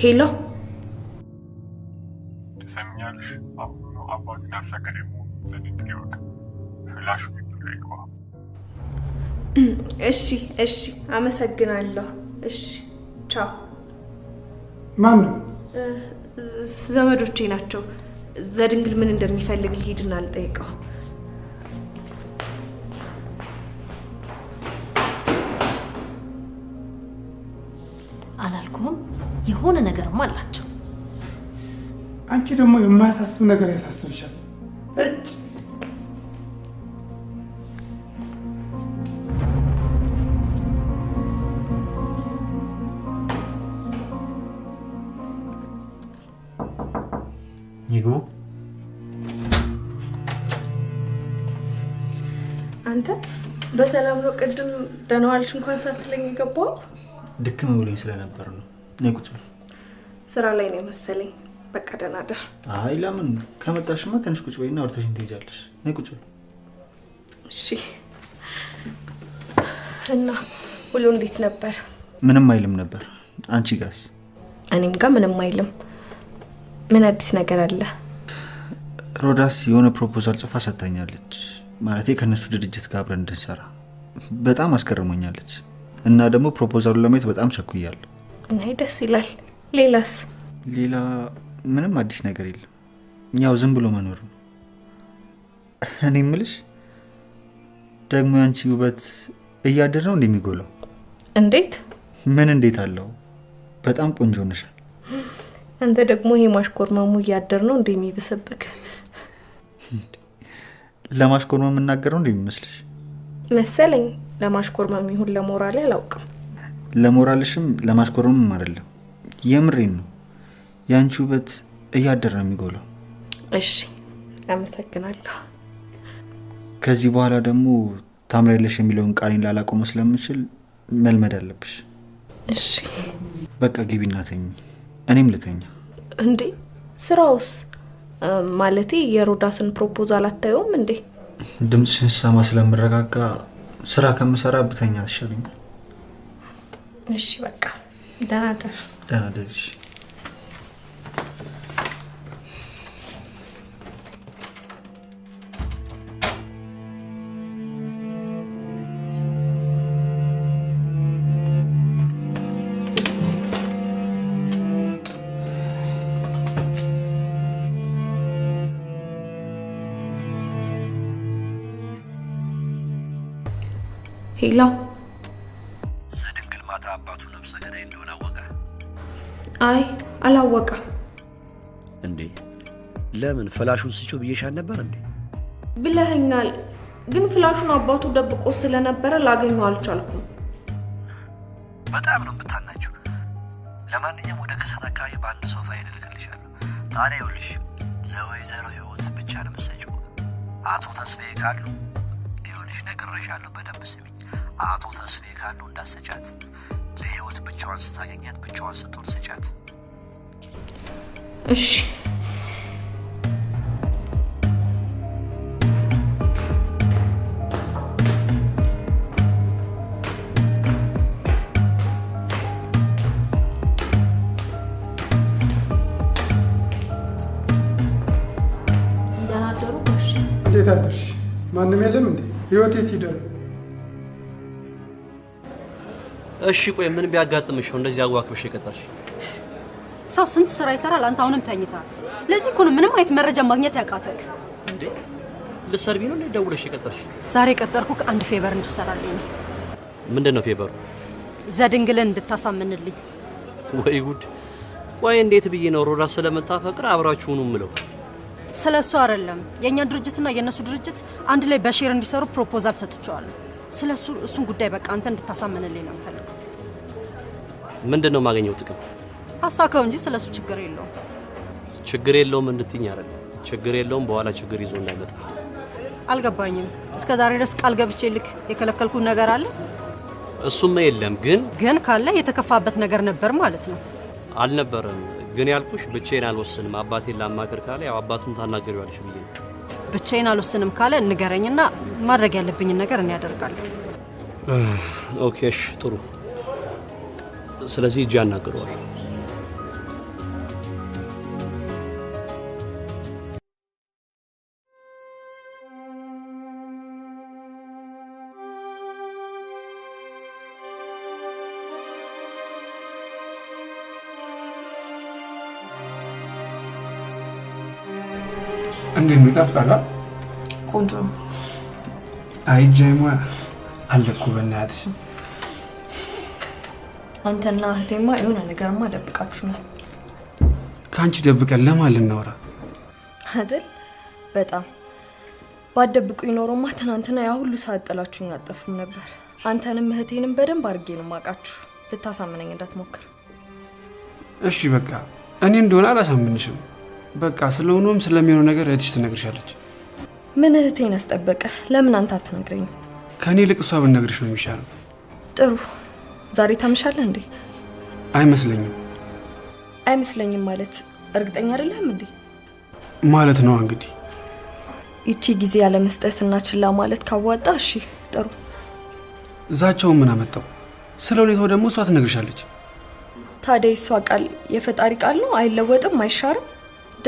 ሄሎ ትሰሚኛለሽ? አሁኑ ነፍሰ ሊወቅ ፍላሽ እሺ እሺ፣ አመሰግናለሁ። እሺ ቻው። ማን ነው? ዘመዶቼ ናቸው። ዘድንግል ምን እንደሚፈልግ ልሂድና ልጠይቀው። የሆነ ነገርም አላቸው። አንቺ ደግሞ የማያሳስብ ነገር ያሳስብሻል። እጅ ይግቡ። አንተ በሰላም ነው? ቅድም ደህና ዋልሽ እንኳን ሳትለኝ የገባው ድክም ብሎኝ ስለነበር ነው። ነይ ቁጭ በል ስራ ላይ ነው የመሰለኝ። በቃ ደህና ደር። አይ ለምን ከመጣሽማ ትንሽ ቁጭ በይና አውርተሽኝ ትሄጃለሽ። ነይ ቁጭ በይ። እሺ። እና ውሎ እንዴት ነበር? ምንም አይልም ነበር። አንቺ ጋስ? እኔም ጋር ምንም አይልም። ምን አዲስ ነገር አለ? ሮዳስ የሆነ ፕሮፖዛል ጽፋ ሰጥታኛለች። ማለቴ ከእነሱ ድርጅት ጋር አብረን እንድንሰራ በጣም አስገርሞኛለች። እና ደግሞ ፕሮፖዛሉን ለማየት በጣም ቸኩያለሁ። አይ ደስ ይላል። ሌላስ? ሌላ ምንም አዲስ ነገር የለም። ያው ዝም ብሎ መኖር ነው። እኔ ምልሽ ደግሞ ያንቺ ውበት እያደር ነው እንደሚጎላው። እንዴት? ምን እንዴት አለው? በጣም ቆንጆ ነሻል። አንተ ደግሞ ይሄ ማሽኮርመሙ እያደር ነው እንደሚበሰበክ ለማሽኮርመ የምናገረው እንደሚመስልሽ መሰለኝ። ለማሽኮርመም ይሁን ለሞራሌ አላውቅም። ለሞራልሽም ለማሽኮርመም አይደለም፣ የምሬን ነው። ያንቺ ውበት እያደር ነው የሚጎለው። እሺ አመሰግናለሁ። ከዚህ በኋላ ደግሞ ታምሪያለሽ የሚለውን ቃሌን ላላቆመው ስለምችል መልመድ አለብሽ። እሺ በቃ ግቢ ተኝ፣ እኔም ልተኛ። እንዴ ስራውስ? ማለቴ የሮዳስን ፕሮፖዛል አታየውም እንዴ? ድምፅ ስሰማ ስለምረጋጋ ስራ ከምሰራ ብተኛ ትሻለኛል። እሺ በቃ ደህና ደር። ደህና ደርሽ። ሄላው ዘድንግል ማታ አባቱ ነፍሰ ገዳይ እንደሆነ አወቀ? አይ አላወቀም። እንዴ ለምን ፍላሹን ስጪው ብዬሻል ነበር እንዴ? ብለህኛል ግን ፍላሹን አባቱ ደብቆ ስለነበረ ላገኘው አልቻልኩም። በጣም ነው የምታናችሁ። ለማንኛውም ወደ ከሰት አካባቢ በአንድ ሰው ፋይል እልክልሻለሁ። ታዲያ ይኸውልሽ ለወይዘሮ ህይወት ብቻ ነው የምትሰጪው። አቶ ተስፋዬ ካሉ አሻሽላለሁ። በደንብ ስሚኝ። አቶ ተስፋዬ ካሉ እንዳሰጫት ለህይወት ብቻዋን ስታገኛት ብቻዋን ስትሆን ስጫት። እሺ ህይወት የት ሄደ? እሺ ቆይ ምን ቢያጋጥምሽ ነው እንደዚህ አዋክብሽ የቀጠርሽ? ሰው ስንት ስራ ይሰራል። አንተ አሁንም ተኝታ። ለዚህ እኮ ነው ምንም አይነት መረጃ ማግኘት ያቃተክ። እንዴ ልትሰርቢ ነው ደውለሽ የቀጠርሽ? ዛሬ ቀጠርኩ አንድ ፌቨር እንድሰራልኝ። ነው። ምንድን ነው ፌቨሩ? ዘድንግልን እንድታሳምንልኝ። ወይ ጉድ! ቆይ እንዴት ብዬ ነው ሮዳ ስለምታፈቅር አብራችሁኑ ምለው ስለ እሱ አይደለም። የእኛ ድርጅትና የእነሱ ድርጅት አንድ ላይ በሼር እንዲሰሩ ፕሮፖዛል ሰጥቼዋለሁ። ስለ እሱ እሱን ጉዳይ በቃ አንተ እንድታሳምንልኝ ነው የምፈልገው። ምንድን ነው የማገኘው ጥቅም? አሳካው እንጂ ስለ እሱ ችግር የለውም። ችግር የለውም እንድትኝ አይደለም። ችግር የለውም በኋላ ችግር ይዞ እንዳይመጣ። አልገባኝም። እስከ ዛሬ ድረስ ቃል ገብቼ ልክ የከለከልኩ ነገር አለ? እሱም የለም። ግን ግን ካለ የተከፋበት ነገር ነበር ማለት ነው። አልነበረም ግን ያልኩሽ ብቻዬን አልወስንም አባቴን ላማክር ካለ ያው አባቱን ታናገሪዋለሽ ብዬ ብቻዬን አልወስንም ካለ ንገረኝና ማድረግ ያለብኝን ነገር እኔ ያደርጋለሁ። ኦኬሽ ጥሩ። ስለዚህ እጅ አናግረዋለሁ። አንድ ነው ይጣፍጣል? ቆንጆ። አይ ጃይማ አለኩ በእናትሽ። አንተና እህቴማ የሆነ ነገርማ ደብቃችሁናል። ከአንቺ ደብቀን ለማን ልናወራ አይደል? በጣም ባደብቁ ኖሮማ ትናንትና ያ ሁሉ ሰዓት ጥላችሁኝ አጠፉም ነበር። አንተንም እህቴንም በደንብ አድርጌ ነው የማውቃችሁ። ልታሳምነኝ እንዳትሞክር እሺ። በቃ እኔ እንደሆነ አላሳምንሽም። በቃ ስለሆነም ስለሚሆነው ነገር እህትሽ ትነግርሻለች። ምን እህቴን አስጠበቀ? ለምን አንተ አትነግረኝ ከእኔ ይልቅ እሷ ብትነግርሽ ነው የሚሻለው። ጥሩ። ዛሬ ታምሻለህ እንዴ? አይመስለኝም። አይመስለኝም ማለት እርግጠኛ አይደለም እንዴ? ማለት ነው እንግዲህ ይቺ ጊዜ ያለ መስጠትና ችላ ማለት ካዋጣ፣ እሺ ጥሩ። ዛቻውን ምን አመጣው? ስለ ሁኔታው ደግሞ እሷ ትነግርሻለች። ታዲያ እሷ ቃል የፈጣሪ ቃል ነው፣ አይለወጥም፣ አይሻርም።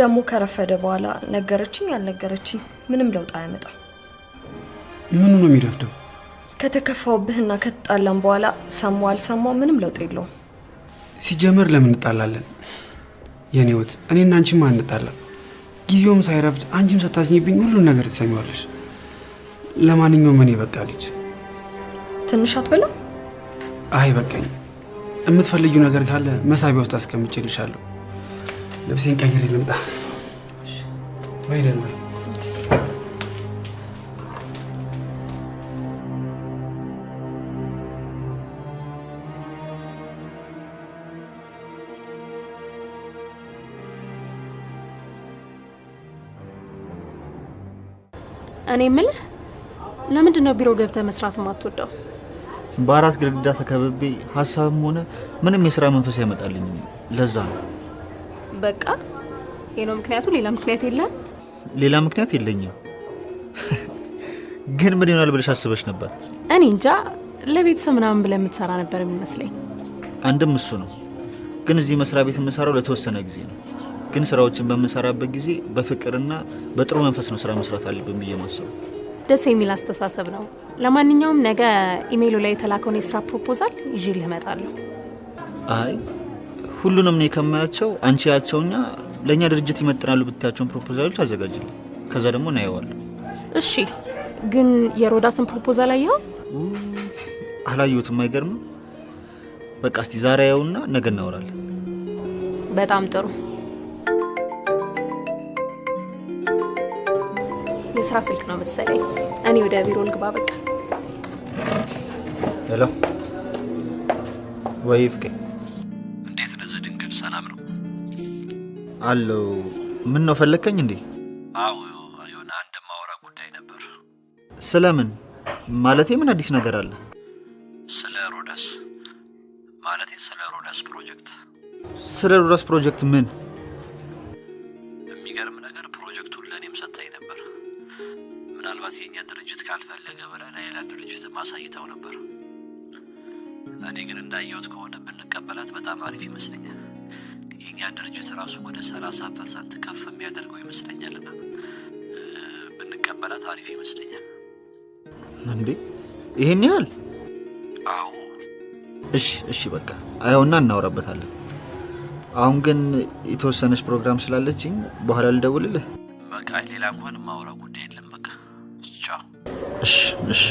ደግሞ ከረፈደ በኋላ ነገረችኝ ያልነገረችኝ ምንም ለውጥ አያመጣም። ምኑ ነው የሚረፍደው? ከተከፋውብህና ከተጣላም በኋላ ሰማ አልሰማው ምንም ለውጥ የለውም። ሲጀመር ለምን እንጣላለን? የኔ ወት እኔና አንቺም አንጣላም። ጊዜውም ሳይረፍድ አንቺም ሳታዝኝብኝ ሁሉን ነገር ትሰሚዋለሽ። ለማንኛውም እኔ በቃ ልጅ ትንሽ አትበላም? አይ በቃኝ። የምትፈልጊው ነገር ካለ መሳቢያ ውስጥ አስቀምጬልሻለሁ። ልብሴን ቀይሬ ልምጣ። ወይደን ወይ እኔ የምልህ ለምንድን ነው ቢሮ ገብተህ መስራት የማትወደው? በአራት ግድግዳ ተከብቤ ሀሳብም ሆነ ምንም የስራ መንፈስ አይመጣልኝም። ለዛ ነው በቃ ይሄ ነው ምክንያቱ። ሌላ ምክንያት የለም። ሌላ ምክንያት የለኝም። ግን ምን ይሆናል ብለሽ አስበሽ ነበር? እኔ እንጃ። ለቤተሰብ ምናምን ብለህ የምትሰራ ነበር የሚመስለኝ። አንድም እሱ ነው። ግን እዚህ መስሪያ ቤት የምሰራው ለተወሰነ ጊዜ ነው። ግን ስራዎችን በምሰራበት ጊዜ በፍቅርና በጥሩ መንፈስ ነው ስራ መስራት አለብን ብዬ ማሰብ። ደስ የሚል አስተሳሰብ ነው። ለማንኛውም ነገ ኢሜይሉ ላይ የተላከውን የስራ ፕሮፖዛል ይዤ እመጣለሁ። አይ ሁሉንም እኔ ከማያቸው አንቺ ያቸውኛ ለእኛ ድርጅት ይመጥናሉ ብታያቸውን ፕሮፖዛሎች አዘጋጅል። ከዛ ደግሞ እናየዋለን። እሺ፣ ግን የሮዳስን ፕሮፖዛል አየኸው? አላየሁትም። አይገርምም? በቃ እስቲ ዛሬ ያየውና ነገ እናወራለን። በጣም ጥሩ። የስራ ስልክ ነው መሰለኝ። እኔ ወደ ቢሮ ልግባ። በቃ ሄሎ። ወይ አለው። ምን ነው ፈለግከኝ እንዴ? አዎ የሆነ አንድ ማውራ ጉዳይ ነበር። ስለምን ማለቴ? ምን አዲስ ነገር አለ? ስለ ሮዳስ ማለቴ፣ ስለ ሮዳስ ፕሮጀክት። ስለ ሮዳስ ፕሮጀክት ምን? የሚገርም ነገር ፕሮጀክቱን ለእኔም ሰታኝ ነበር። ምናልባት የእኛ ድርጅት ካልፈለገ ብላ ለሌላ ድርጅት ማሳይተው ነበር። እኔ ግን እንዳየሁት ከሆነ ብንቀበላት በጣም አሪፍ ይመስለኛል። የእኛ ድርጅት ራሱ ወደ ሰላሳ ፐርሰንት ከፍ የሚያደርገው ና ብንቀበላ ታሪፍ ይመስለኛል። እንዴ ይህን ያህል? አዎ። እሺ እሺ፣ በቃ አየውና እናውረበታለን አሁን ግን የተወሰነች ፕሮግራም ስላለችኝ በኋላ ልደውልልህ። በቃ ሌላ እንኳን ማውራ ጉዳይ የለም። በቃ እሺ እሺ።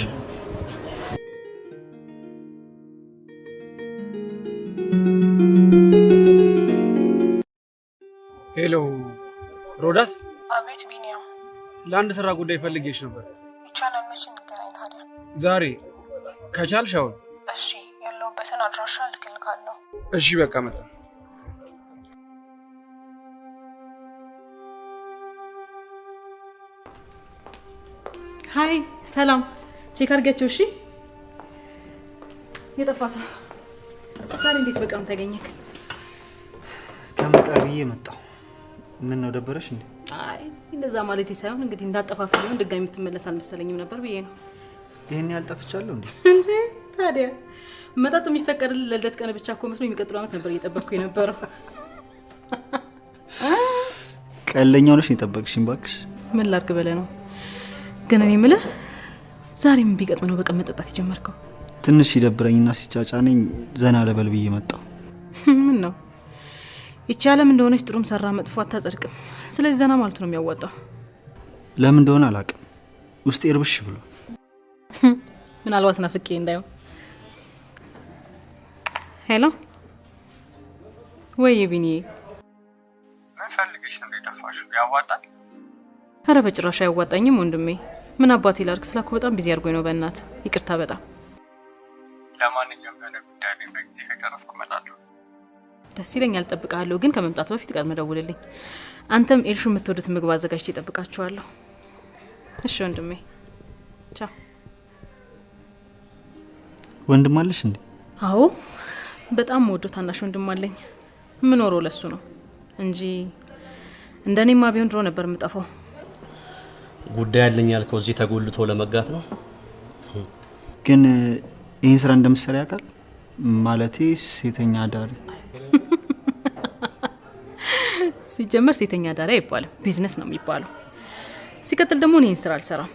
ሄሎ ሮዳስ። አቤት ቢኒያም። ለአንድ ስራ ጉዳይ ፈልጌሽ ነበር። ይቻላል። መቼ እንገናኝ ታዲያ? ዛሬ ከቻልሽ አሁን። እሺ፣ ያለሁበትን አድራሻ ልክልካለሁ። እሺ፣ በቃ መጣ። ሀይ፣ ሰላም። ቼክ አድርጊያቸው። እሺ። የጠፋ ሰው ዛሬ እንዴት በቃም ተገኘክ? ከመጣ ብዬ መጣሁ። ምን ነው ደበረሽ እንዴ? አይ እንደዛ ማለት ሳይሆን እንግዲህ እንዳጠፋፍ ቢሆን ድጋሚ የምትመለስ አልመሰለኝም ነበር ብዬ ነው። ይሄን ያህል እንዴ? እንዴ ታዲያ መጠጥ የሚፈቀድ ለልደት ቀን ብቻ እኮ መስሎ የሚቀጥለው አመት ነበር እየጠበቅኩ የነበረው። ቀለኛው ነሽ የጠበቅሽኝ። እባክሽ ምን ላድርግ ብለህ ነው። ግን እኔ የምልህ ዛሬም ቢገጥም ነው በቀን መጠጣት የጀመርከው? ትንሽ ሲደብረኝና ሲጫጫነኝ ዘና ለበል ብዬ መጣው ምን ነው ይቺ ዓለም እንደሆነች ጥሩም ሰራ መጥፎ አታጸድቅም። ስለዚህ ዘና ማለቱ ነው የሚያዋጣው። ለምን እንደሆነ አላቅም ውስጤ እርብሽ ብሎ ምናልባት ናፍቄ እንዳይሆን። ሄሎ፣ ወይ ቢኒ፣ ምን ፈልገሽ ነው የጠፋሽው? ያዋጣል? አረ በጭራሽ አያዋጣኝም ወንድሜ። ምን አባት ላድርግ? ስላኩ በጣም ቢዚ አድርጎኝ ነው። በእናት ይቅርታ። በጣም ለማንኛውም የሆነ ጉዳይ ላይ በጊዜ ከጨረስኩ ደስ ይለኛል። ጠብቃለሁ፣ ግን ከመምጣቱ በፊት ቀድመህ ደውልልኝ። አንተም ኤልሹ የምትወዱት ምግብ አዘጋጅቼ እጠብቃችኋለሁ። እሺ ወንድሜ፣ ቻ ወንድም አለሽ እንዴ? አዎ፣ በጣም ወዶ ታናሽ ወንድም አለኝ። የምኖረው ለሱ ነው እንጂ እንደ ቢሆን ድሮ ነበር የምጠፋው። ጉዳይ አለኝ ያልከው እዚህ ተጎልቶ ለመጋት ነው። ግን ይህን ስራ እንደምትሰራ ያውቃል? ማለቴ ሴተኛ አዳሪ ሲጀመር ሴተኛ አዳሪ አይባልም፣ ቢዝነስ ነው የሚባለው። ሲቀጥል ደግሞ እኔ ስራ አልሰራም።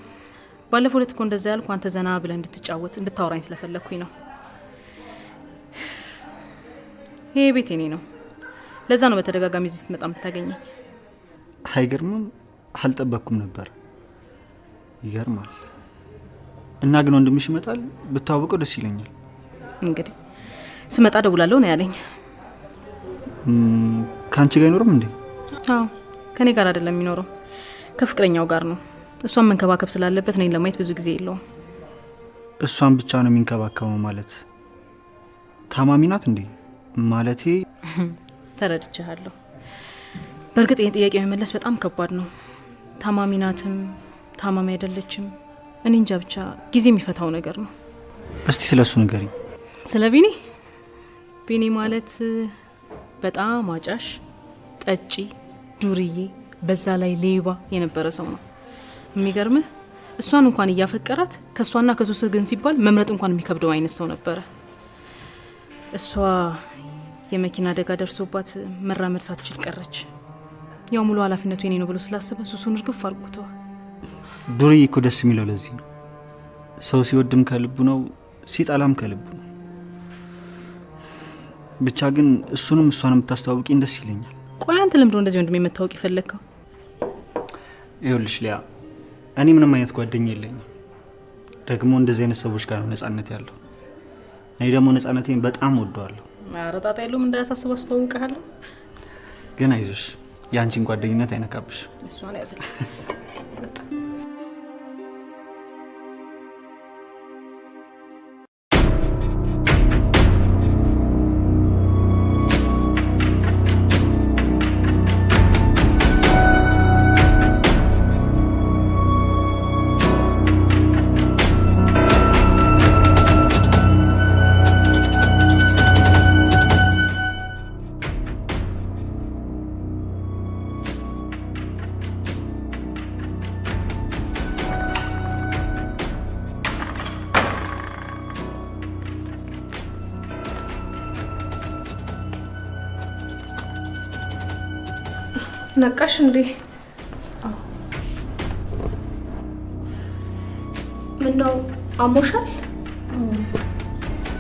ባለፈው ዕለት እኮ እንደዛ ያልኩ አንተ ዘና ብለህ እንድትጫወት እንድታወራኝ ስለፈለግኩኝ ነው። ይሄ ቤት የኔ ነው። ለዛ ነው በተደጋጋሚ እዚህ ስትመጣ የምታገኘኝ። አይገርምም? አልጠበቅኩም ነበር። ይገርማል። እና ግን ወንድምሽ ይመጣል፣ ብታወቀው ደስ ይለኛል። እንግዲህ ስመጣ ደውላለሁ ነው ያለኝ። ከአንቺ ጋር አይኖርም እንዴ? አዎ ከኔ ጋር አይደለም የሚኖረው ከፍቅረኛው ጋር ነው። እሷን መንከባከብ ስላለበት እኔን ለማየት ብዙ ጊዜ የለውም። እሷን ብቻ ነው የሚንከባከበው ማለት ታማሚ ናት እንዴ? ማለቴ ተረድቻለሁ። በእርግጥ ይህን ጥያቄ መመለስ በጣም ከባድ ነው። ታማሚ ናትም ታማሚ አይደለችም፣ እኔ እንጃ። ብቻ ጊዜ የሚፈታው ነገር ነው። እስቲ ስለ እሱ ንገሪኝ። ስለ ቢኒ። ቢኒ ማለት በጣም አጫሽ ጠጪ ዱርዬ፣ በዛ ላይ ሌባ የነበረ ሰው ነው። የሚገርምህ እሷን እንኳን እያፈቀራት ከእሷና ከሱስ ግን ሲባል መምረጥ እንኳን የሚከብደው አይነት ሰው ነበረ። እሷ የመኪና አደጋ ደርሶባት መራመድ ሳትችል ቀረች። ያው ሙሉ ኃላፊነቱ የኔ ነው ብሎ ስላስበ ሱሱን እርግፍ አርጉተዋል። ዱርዬ እኮ ደስ የሚለው ለዚህ ነው። ሰው ሲወድም ከልቡ ነው፣ ሲጠላም ከልቡ ነው። ብቻ ግን እሱንም እሷን የምታስተዋውቂኝ ደስ ይለኛል። ቆይ አንተ ለምዶ እንደዚህ ወንድሜ መታወቅ የፈለግከው? ይኸውልሽ ሊያ፣ እኔ ምንም አይነት ጓደኛ የለኝም። ደግሞ እንደዚህ አይነት ሰዎች ጋር ነው ነጻነት ያለው። እኔ ደግሞ ነጻነቴን በጣም ወደዋለሁ። አረጣጣ የለውም እንዳያሳስብ አስተዋውቅሃለሁ። ግን አይዞሽ፣ የአንቺን ጓደኝነት አይነካብሽ። እሷን ያዝልኝ ነቃሽ እንዴ? ምነው አሞሻል?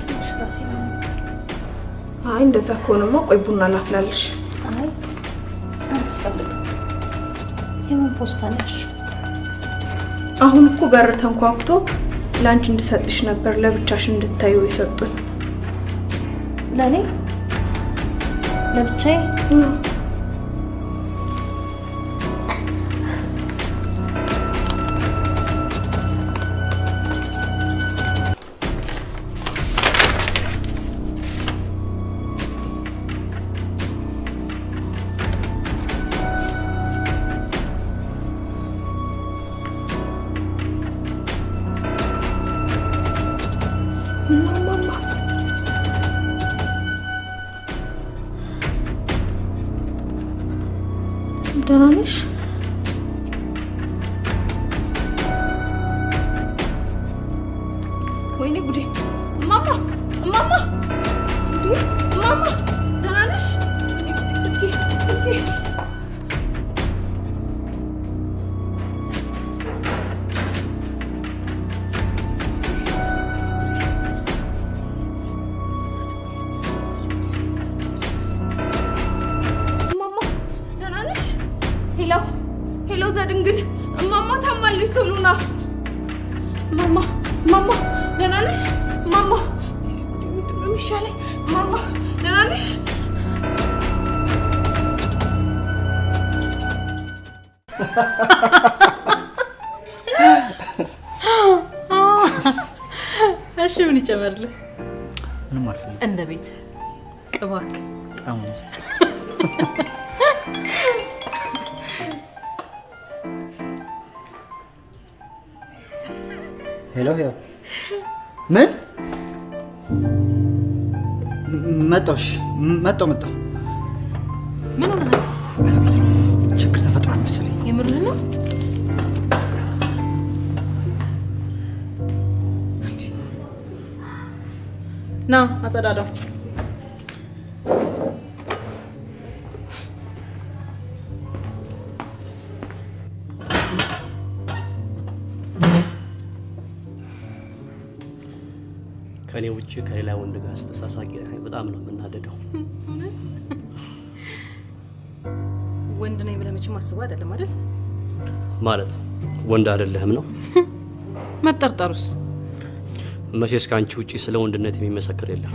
ትንሽ አይ እንደዛ ከሆነማ ቆይ ቡና ላፍላልሽ። አይ አያስፈልግም። የምን ፖስታ ነሽ? አሁን እኮ በር ተንኳኩቶ ለአንቺ እንድሰጥሽ ነበር ለብቻሽ እንድታዩ የሰጡኝ። ለእኔ ለብቻዬ donanmış. ሄሎ ሄሎ፣ ዘድንግል እማማ ታማለች። ቶሎና ማማ ማማ፣ ደህና ነሽ ማማ? ይሻለኝ ማማ፣ ደህና ነሽ? እሺ ምን ይጨመርልህ? ምንም አልፈልግም። እንደ ቤት ቅባክ ሄሎ ሄሎ፣ ምን መጣሽ? መጣው መጣው። ምን ሆነ? ችግር ተፈጥሮ መሰለኝ። የምርህ ነው? ና አጸዳዳው ከእኔ ውጭ ከሌላ ወንድ ጋር ስትሳሳቂ በጣም ነው የምናደደው። ወንድ ነኝ ብለህ መቼም አስበው አይደለም አይደል? ማለት ወንድ አይደለህም ነው? መጠርጠሩስ? መቼስ ከአንቺ ውጭ ስለ ወንድነት የሚመሰክር የለም።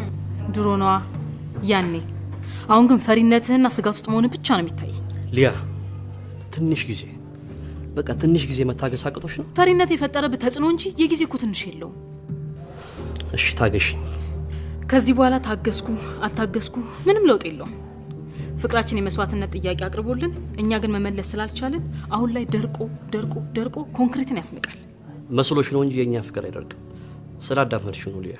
ድሮ ነዋ ያኔ። አሁን ግን ፈሪነትህና ስጋት ውስጥ መሆን ብቻ ነው የሚታይ። ሊያ፣ ትንሽ ጊዜ በቃ ትንሽ ጊዜ መታገስ አቅቶሽ ነው? ፈሪነት የፈጠረብህ ተጽዕኖ እንጂ የጊዜ እኮ ትንሽ የለውም። እሺ ታገሽኝ። ከዚህ በኋላ ታገስኩ አልታገስኩ ምንም ለውጥ የለውም። ፍቅራችን የመስዋዕትነት ጥያቄ አቅርቦልን እኛ ግን መመለስ ስላልቻልን አሁን ላይ ደርቆ ደርቆ ደርቆ ኮንክሪትን ያስንቃል። መስሎሽ ነው እንጂ የእኛ ፍቅር አይደርቅም። ስላዳመጥሽ ነው ሊያ።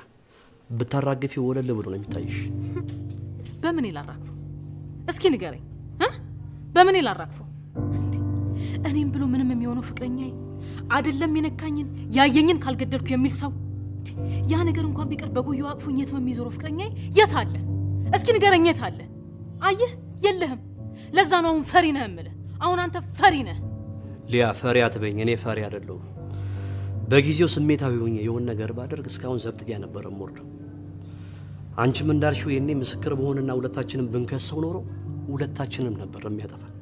ብታራግፊ ወለል ብሎ ነው የሚታይሽ። በምን ላራግፈው እስኪ ንገረኝ። በምን ላራግፈው? እኔም ብሎ ምንም የሚሆነው ፍቅረኛ አይደለም። የነካኝን ያየኝን ካልገደልኩ የሚል ሰው እንዴ? ያ ነገር እንኳን ቢቀር በጉዮ አቅፎኝ የት የሚዞረው ፍቅረኛዬ የት አለ? እስኪ ንገረኝ፣ የት አለ? አየህ፣ የለህም። ለዛ ነው አሁን ፈሪ ነህ የምልህ። አሁን አንተ ፈሪ ነህ። ሊያ፣ ፈሪ አትበኝ። እኔ ፈሪ አይደለሁም። በጊዜው ስሜታዊ ሆኜ የሆን ነገር ባደርግ እስካሁን ዘብጥያ ነበረ ሞርድ። አንቺም እንዳልሽው የኔ ምስክር በሆንና ሁለታችንም ብንከሰው ኖሮ ሁለታችንም ነበር የሚያጠፋን።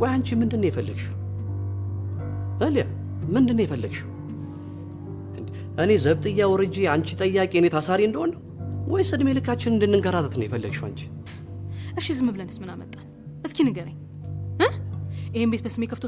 ቆይ አንቺ ምንድን ነው የፈለግሽው? ሊያ፣ ምንድን ነው የፈለግሽው? እኔ ዘብጥያ ወርጄ አንቺ ጠያቂ እኔ ታሳሪ እንደሆነ ወይስ እድሜ ልካችን እንድንንከራተት ነው የፈለግሽው አንቺ? እሺ ዝም ብለንስ ምን አመጣን? እስኪ ንገረኝ። ይህን ቤት በስሜ ከፍቶ